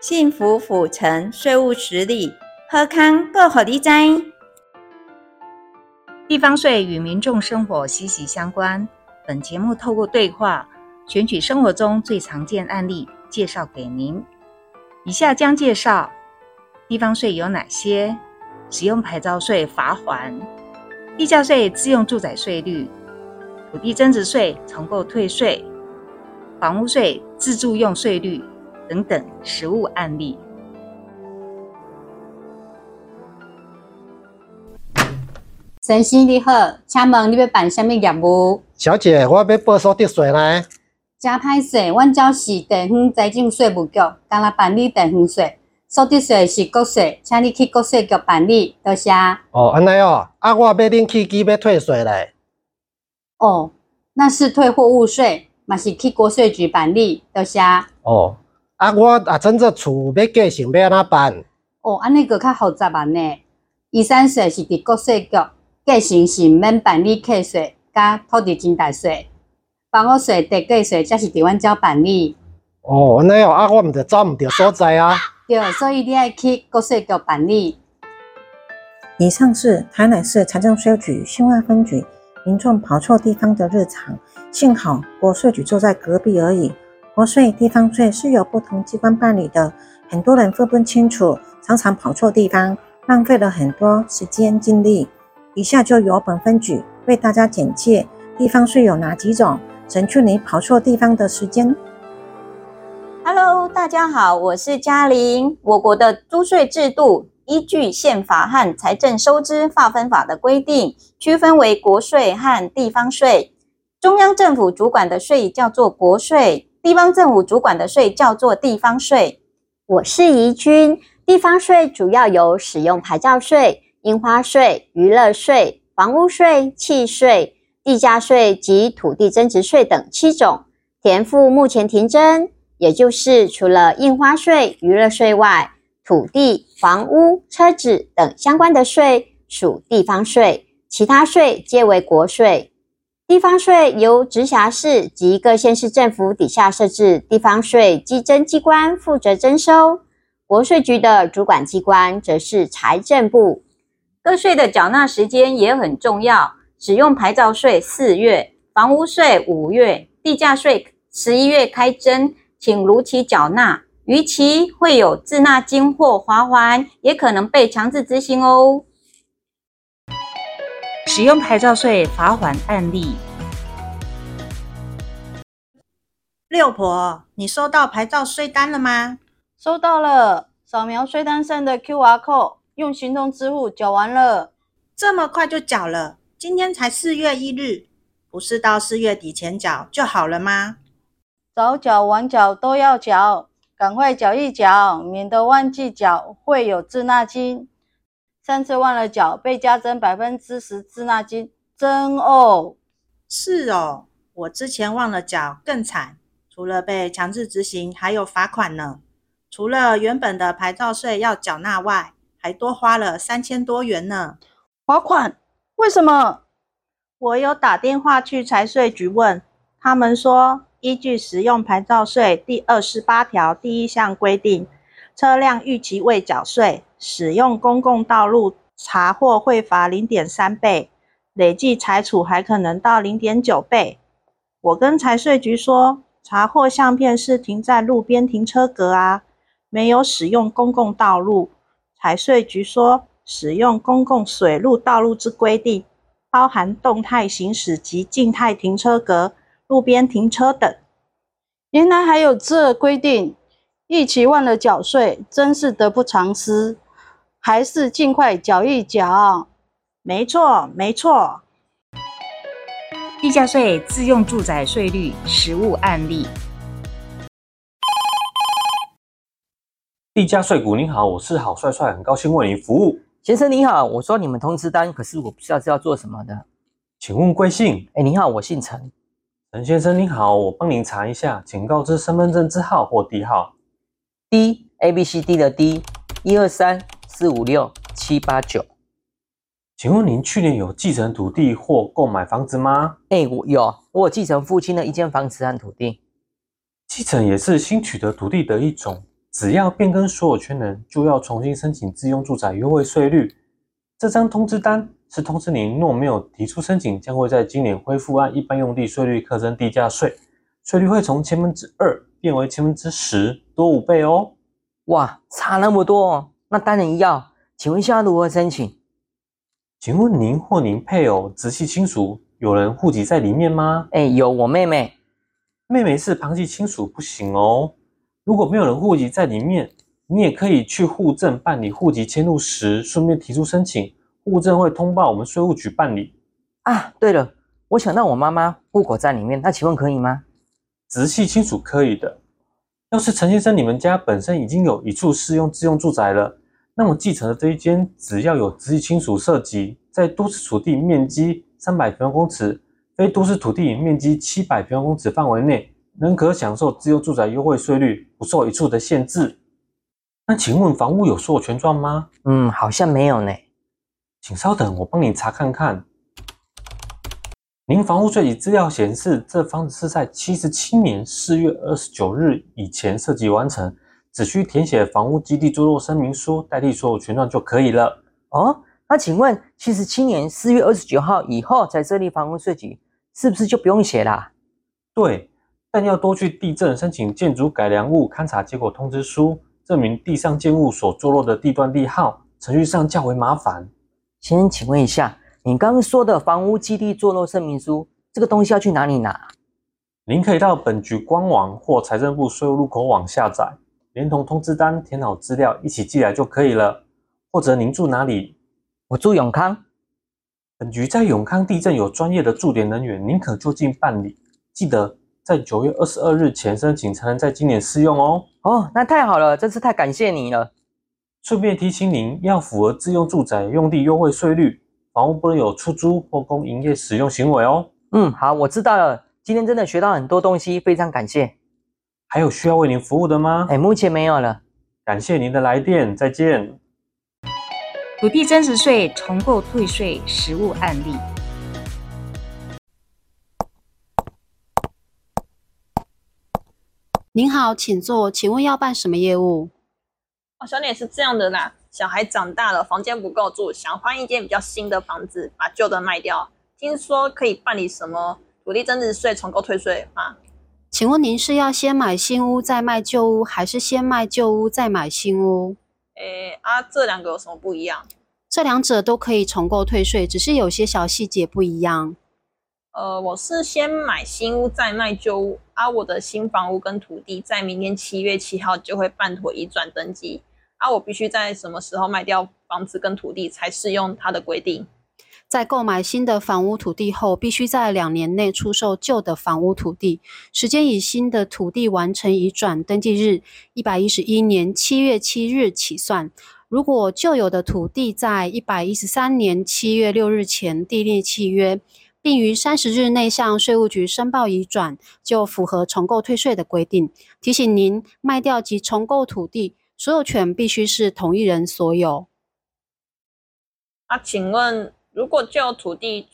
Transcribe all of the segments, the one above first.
幸福府城稅務實例，好康報虎你知。地方稅與民眾生活息息相關。本節目透過對話，選取生活中最常見案例，介紹給您。以下將介紹地方稅有哪些：使用牌照稅、罰鍰、地價稅、自用住宅稅率、土地增值稅重購退稅、房屋稅自住用稅率。等等，實務案例。先生你好，請問你要辦什麼業務？小姐，我要報所得稅呢。真歹勢，阮這是地方財政稅務局，剛來辦理地方稅。所得稅是國稅，請你去國稅局辦理，多謝。哦，安尼哦，啊，我要去記要退稅嘞。哦，那是退貨物稅，嘛是去國稅局辦理，多謝。哦。啊，我啊，整座厝要繼承，要安那辦？哦，安尼個較複雜嘛呢？遺產稅是佇國稅局，繼承是免辦理契稅、甲土地增值稅、房屋稅、地價稅，才是佇阮這辦理。哦，安尼哦，啊，我唔着走唔着所在啊？對，所以你愛去國稅局辦理。以上是台南市財政稅務局新化分局民眾跑錯地方的日常，幸好國稅局坐在隔壁而已。國稅、地方稅是由不同機關辦理的，很多人分不清楚，常常跑錯地方，浪費了很多時間精力。以下就由本分局為大家簡介地方稅有哪幾種，省去你跑錯地方的時間。Hello，大家好，我是嘉玲。我國的租稅制度依據憲法和財政收支劃分法的規定，區分為國稅和地方稅。中央政府主管的稅叫做國稅。地方政府主管的稅叫做地方稅。我是怡君。地方稅主要有使用牌照稅、印花稅、娛樂稅、房屋稅、契稅、地價稅及土地增值稅等七種。田賦目前停徵，也就是除了印花稅、娛樂稅外，土地、房屋、車子等相關的稅屬地方稅，其他稅皆為國稅。地方稅由直轄市及各縣市政府底下設置地方稅稽徵機關負責徵收，國稅局的主管機關則是財政部。各稅的繳納時間也很重要，使用牌照稅四月，房屋稅五月，地價稅十一月開徵，請如期繳納，逾期會有滯納金或罰鍰，也可能被強制執行哦。使用牌照稅罰鍰案例。六婆，你收到牌照稅單了嗎？收到了，掃描稅單上的 QR code，用行動支付繳完了。這麼快就繳了？今天才四月一日，不是到四月底前繳就好了嗎？早繳晚繳都要繳，趕快繳一繳，免得忘記繳會有滯納金。上次忘了繳，被加徵百分之十滯納金，真哦？是哦，我之前忘了繳更慘，除了被強制執行，還有罰款呢。除了原本的牌照稅要繳納外，還多花了三千多元呢。罰款？為什麼？我有打電話去財稅局問，他們說依據《使用牌照稅》第二十八條第一項規定。車輛逾期未繳稅，使用公共道路查獲會罰零點三倍，累計裁處還可能到零點九倍。我跟財稅局說，查獲相片是停在路邊停車格啊，沒有使用公共道路。財稅局說，使用公共水路道路之規定，包含動態行駛及靜態停車格、路邊停車等。原來還有這規定。一起忘了繳稅，真是得不償失，還是盡快繳一繳。沒錯，沒錯。地價稅自用住宅稅率實務案例。地價稅股，您好，我是郝帥帥，很高興為您服務。先生您好，我說你們通知單，可是我不知道是要做什麼的。請問貴姓？哎、欸，您好，我姓陳。陳先生您好，我幫您查一下，請告知身份證字號或地號。D A B C D 的 D，一二三四五六七八九。請問您去年有繼承土地或購買房子嗎？哎，我有，我繼承父親的一間房子和土地。繼承也是新取得土地的一種，只要變更所有權人，就要重新申請自用住宅優惠稅率。這張通知單是通知您，若沒有提出申請，將會在今年恢復按一般用地稅率課徵地價稅，稅率會從千分之二變為千分之十。多五倍哦！哇，差那麼多哦！那當然要，請問一下如何申請？請問您或您配偶、直系親屬有人戶籍在裡面嗎？哎、欸，有我妹妹。妹妹是旁系親屬，不行哦。如果沒有人戶籍在裡面，你也可以去戶政辦理戶籍遷入時，順便提出申請。戶政會通報我們稅務局辦理。啊，對了，我想讓我媽媽戶口在裡面，那請問可以嗎？直系親屬可以的。要是陳先生，你們家本身已經有一處適用自用住宅了，那麼繼承的這一間，只要有直系親屬設籍，在都市土地面積三百平方公尺，非都市土地面積七百平方公尺範圍內，仍可享受自用住宅優惠稅率，不受一處的限制。那請問房屋有所有權狀嗎？嗯，好像沒有呢。請稍等，我幫你查看看。您房屋稅籍資料顯示，這房子是在七十七年四月二十九日以前設籍完成，只需填寫房屋基地坐落聲明書，代替所有權狀就可以了。哦，那請問七十七年四月二十九號以後才設籍房屋稅籍，是不是就不用寫了啊？對，但要多去地政申請建築改良物勘查結果通知書，證明地上建物所坐落的地段地號，程序上較為麻煩。先生，請問一下。你剛剛說的房屋基地坐落聲明書，這個東西要去哪裡拿？您可以到本局官網或財政部稅務入口網下載，連同通知單填好資料一起寄來就可以了。或者您住哪裡？我住永康，本局在永康地震，有專業的駐點人員，您可就近辦理。記得在九月二十二日前申請，才能在今年適用哦。哦，那太好了，真是太感謝你了。順便提醒您，要符合自用住宅用地優惠稅率。房屋不能有出租或供營業使用行為哦。嗯，好，我知道了。今天真的學到很多東西，非常感謝。還有需要為您服務的嗎？哎、欸，目前沒有了。感謝您的來電，再見。土地增值稅重購退稅實務案例。您好，請坐，請問要辦什麼業務？哦，小李是這樣的啦。小孩長大了，房間不夠住，想換一間比較新的房子，把舊的賣掉。聽說可以辦理什麼土地增值稅重購退稅嗎？啊？請問您是要先買新屋再賣舊屋，還是先賣舊屋再買新屋？誒，啊，這兩個有什麼不一樣？這兩者都可以重購退稅，只是有些小細節不一樣。呃，我是先買新屋再賣舊屋，啊，我的新房屋跟土地在明年七月七號就會辦妥移轉登記。啊！我必須在什麼時候賣掉房子跟土地才適用它的規定？在購買新的房屋土地後，必須在兩年內出售舊的房屋土地。時間以新的土地完成移轉登記日，一百一十一年七月七日起算。如果舊有的土地在一百一十三年七月六日前訂立契約，並於三十日內向稅務局申報移轉，就符合重購退稅的規定。提醒您，賣掉及重購土地。所有權必須是同一人所有。啊，請問，如果就土地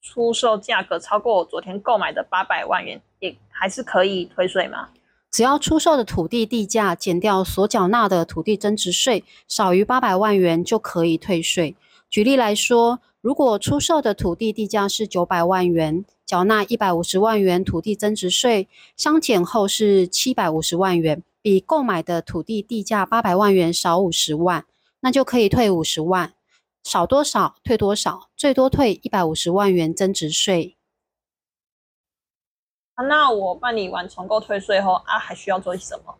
出售價格超過我昨天購買的八百萬元，也還是可以退稅嗎？只要出售的土地地價減掉所繳納的土地增值稅少於八百萬元，就可以退稅。舉例來說，如果出售的土地地價是九百萬元，繳納一百五十萬元土地增值稅，相減後是七百五十萬元。比購買的土地地價八百萬元少五十萬，那就可以退五十萬，少多少退多少，最多退一百五十萬元增值稅。啊，那我辦理完重購退稅後啊，還需要做什麼？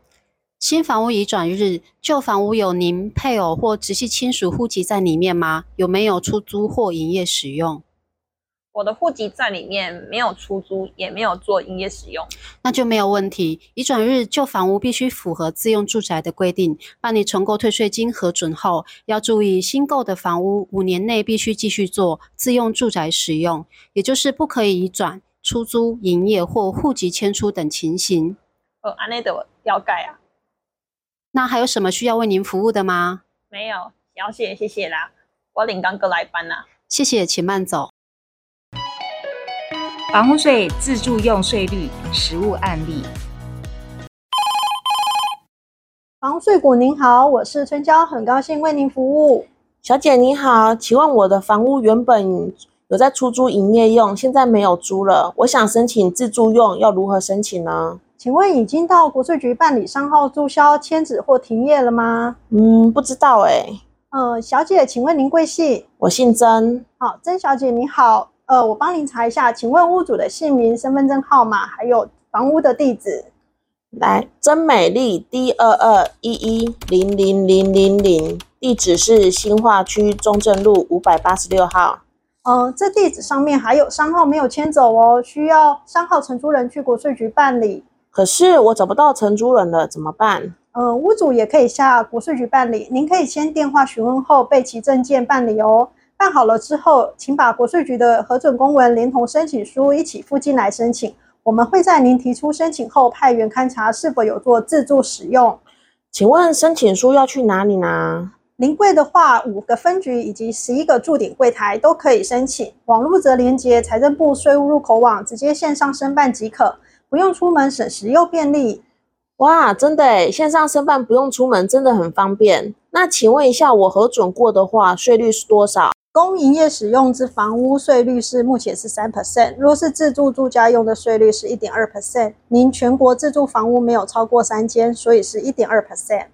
新房屋移轉日，舊房屋有您配偶或直系親屬戶籍在裡面嗎？有沒有出租或營業使用？我的戶籍在裡面，沒有出租，也沒有做營業使用。那就沒有問題。移轉日，舊房屋必須符合自用住宅的規定，辦理重購退稅金核准後，要注意新購的房屋五年內必須繼續做自用住宅使用，也就是不可以移轉、出租、營業或戶籍遷出等情形。呃，安內的要蓋啊。那還有什麼需要為您服務的嗎？沒有，要謝謝謝啦。我領剛哥來搬啦，謝謝，請慢走。房屋稅自住用稅率實務案例。房屋稅股您好，我是春嬌，很高興為您服務。小姐您好，請問我的房屋原本有在出租營業用，現在沒有租了，我想申請自住用，要如何申請呢？請問已經到國稅局辦理商號注銷、遷址或停業了嗎？嗯，不知道哎、欸。呃，小姐，請問您貴姓？我姓曾。好，曾小姐你好。呃，我幫您查一下，請問屋主的姓名、身份證號碼，還有房屋的地址。來，甄美麗，D 二二一一零零零零零，地址是新化區中正路五百八十六號。呃，這地址上面還有三號沒有遷走哦，需要三號承租人去國稅局辦理。可是我找不到承租人了，怎麼辦？嗯、呃，屋主也可以下國稅局辦理，您可以先電話詢問後備齊證件辦理哦。辦好了之後，請把國稅局的核准公文連同申請書一起附進來申請。我們會在您提出申請後派員勘查是否有做自住使用。請問申請書要去哪裡拿？臨櫃的話，五個分局以及十一個駐點櫃台都可以申請。網路則連接財政部稅務入口網，直接線上申辦即可，不用出門，省時又便利。哇，真的耶，線上申辦不用出門，真的很方便。那請問一下，我核准過的話，稅率是多少？供營業使用之房屋稅率是目前是三 percent，若是自住住家用的稅率是一點二 percent。您全國自住房屋沒有超過三間，所以是一點二 percent。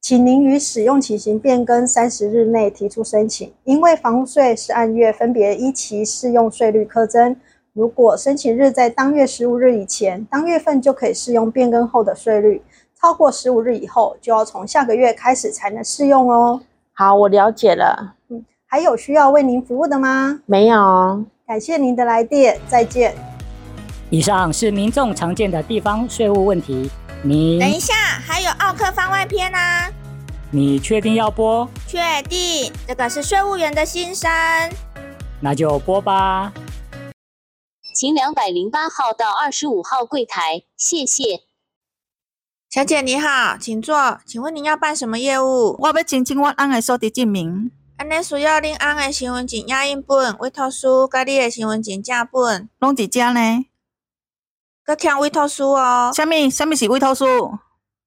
請您於使用情形變更三十日內提出申請，因為房屋稅是按月分別依其適用稅率課徵，如果申請日在當月十五日以前，當月份就可以適用變更後的稅率。超過十五日以後，就要從下個月開始才能適用哦。好，我了解了。嗯，還有需要為您服務的嗎？沒有，感謝您的來電，再見。以上是民眾常見的地方稅務問題。你等一下，還有奧克番外篇啊！你確定要播？確定，這個是稅務員的心聲。那就播吧。請兩百零八號到二十五號櫃檯，謝謝。小姐你好，請坐。請問您要辦什麼業務？我要申請我翁的所得證明。安尼需要恁翁的身份證、影印本、委託書，佮你的身份證正本，攏佇遮呢？擱欠委託書哦。什物？什物是委託書？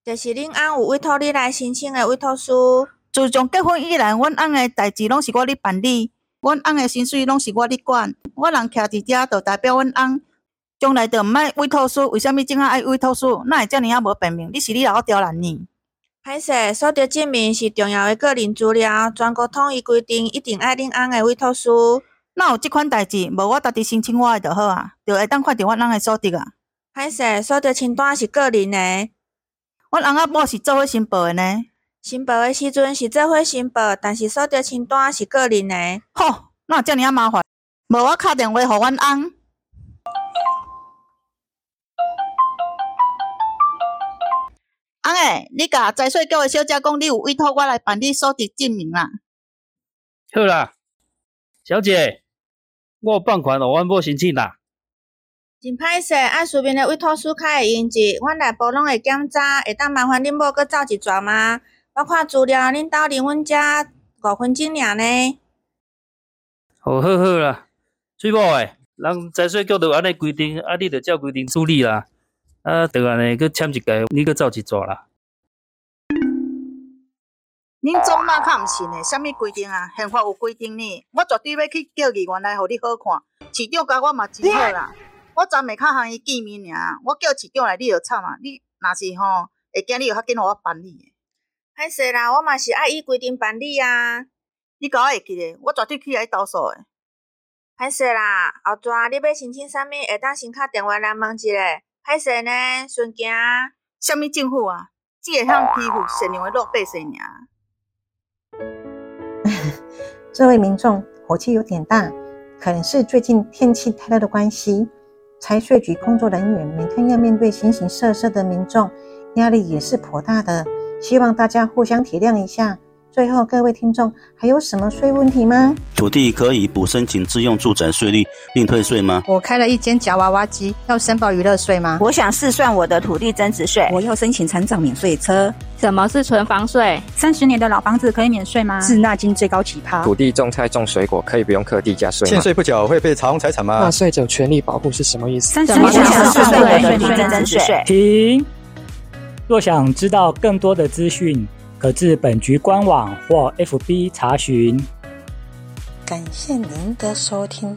著、就是恁翁有委託你來申請的委託書。自從結婚以來，阮翁的代志攏是我咧辦理，阮翁的薪水攏是我咧管，我人徛佇遮著代表阮翁。將來著毋愛委託書，為甚物怎啊愛委託書？哪會遮爾啊無便明？你是你老刁難呢？歹勢，所得證明是重要誒個人資料，全國統一規定一定愛恁翁誒委託書。若有即款代志？無我家己申請我誒著好啊，著會當看着我翁誒所得啊。歹勢，所得清單是個人誒，我翁仔某是做伙申報誒呢。申報誒時陣是做伙申報，但是所得清單是個人誒。吼，哪有遮爾啊麻煩？無我敲電話互阮翁。誒，你甲財稅局誒小姐講，你有委托我來辦理所得證明啦？好啦，小姐，我放款，我安要申請啦。真歹勢，按、啊、書面誒委托書開的依據，阮內部攏會檢查，會當麻煩恁要閣走一轉嗎？的我看資料，恁兜離阮家五分鐘內呢？好，好好啦，最尾、欸，人財稅局有安尼規定，啊，你着照規定處理啦。啊，對閣安尼去簽一個，你閣走一逝啦。恁總嘛較毋信呢？啥物規定啊？憲法有規定呢、啊，我絕對要去叫伊，原來互你好看。市長甲我嘛真好啦。我昨下較互伊見面爾，我叫市長來你，你就慘啊！你若是吼、喔，會驚你又較緊，互我辦理、啊。歹勢啦，我嘛是愛伊規定辦理啊。你甲我會記嘞？我絕對起來投訴個。歹勢啦，後住你要申請啥物，會當先敲電話來問一下。還是呢，瞬間，什麼政府啊，只會向欺負善良的老百姓呀！ 這位民眾火氣有點大，可能是最近天氣太熱的關係。財稅局工作人員每天要面對形形色色的民眾，壓力也是頗大的。希望大家互相體諒一下。最後，各位聽眾，還有什麼稅問題嗎？土地可以補申請自用住宅稅率並退稅嗎？我開了一間夾娃娃機，要申報娛樂稅嗎？我想試算我的土地增值稅，我要申請成長免稅車。什麼是存房稅？三十年的老房子可以免稅嗎？滯納金最高起拋。土地種菜種水果可以不用課地價稅？欠稅不繳會被查封財產嗎？納稅者權利保護是什麼意思？三十年前算我的土地增值稅。停。若想知道更多的資訊。可至本局官網或 FB 查詢。感謝您的收聽。